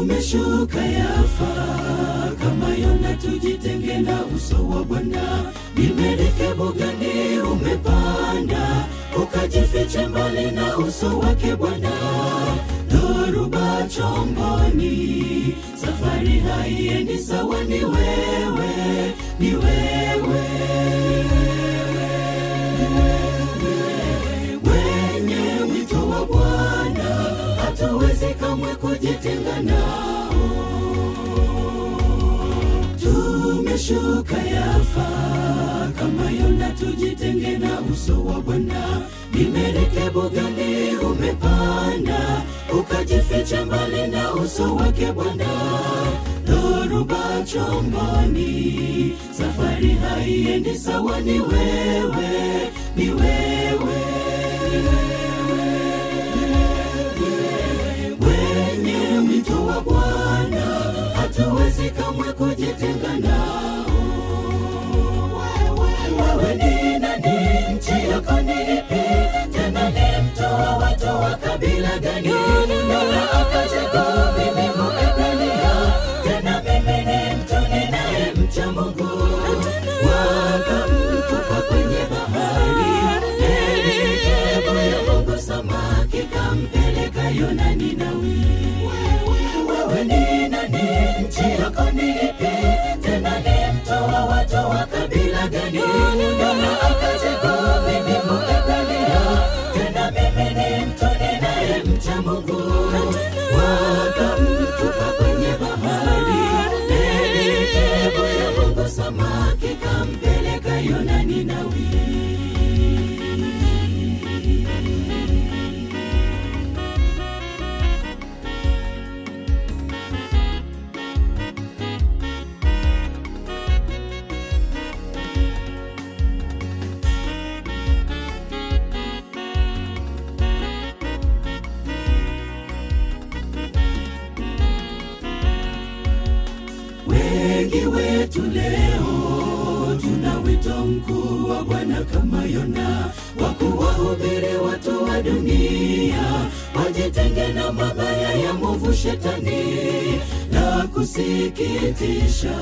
umeshuka Yafa, kama Yona tujitenge na uso wa Bwana. Nimerike bugani umepanda, ukajificha mbali na uso wake Bwana. Dhoruba chomboni, safari haiendi sawa, ni wewe, ni wewe kamwe kujitenga nao. Tumeshuka Yafa kama Yona, tujitenge na uso wa Bwana. Ni gani umepanda ukajificha mbali na uso wake Bwana? Dhoruba chomboni, safari haiendi sawa, ni wewe, ni wewe Wewe nani nami, wewe ni nani? Nchi yako nilipe tena, ni mtoa watu wa kabila gani? wengi wetu leo tuna wito mkuu wa Bwana kama Yona wa kuwahubiri watu wa dunia wajitenge na mabaya ya mwovu Shetani. La kusikitisha,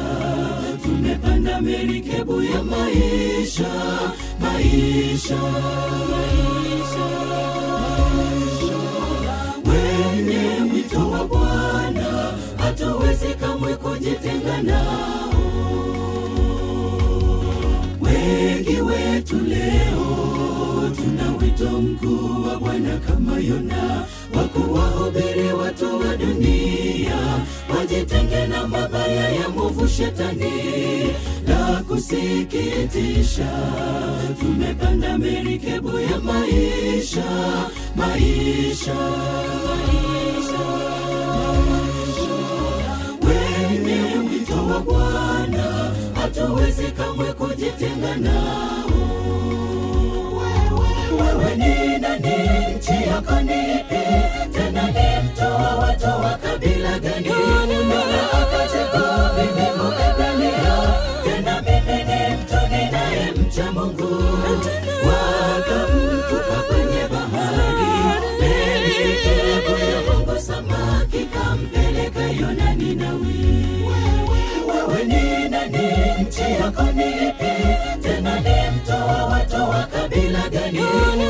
tumepanda merikebu ya maisha maisha siwezi kamwe kujitenga nao. Wengi wetu leo tuna wito mkuu wa Bwana kama Yona wa kuwahubiri watu wa dunia wajitenge na mabaya ya mwovu Shetani. La kusikitisha, tumepanda merikebu ya maisha maisha maisha hatuwezi kamwe kujitenga nao. Wewe ni nani? Nchi yako ni ipi? Tena ni mtoa watu wa kabila gani? Mana akachagua mimi Mwebrania, tena ni mtu ninayemcha Mungu. Wakamtupa kwenye bahari, meli ikayabuya Mungu, samaki kampeleka Yona Ninawi nchi yako ni ipi? Tena ni wa kabila gani?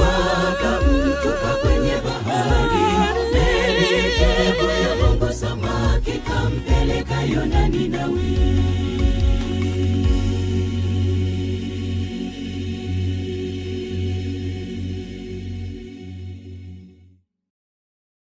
wakamtupa kwenye bahari. Meli ya Mungu samaki kampeleka Yonani Nawi.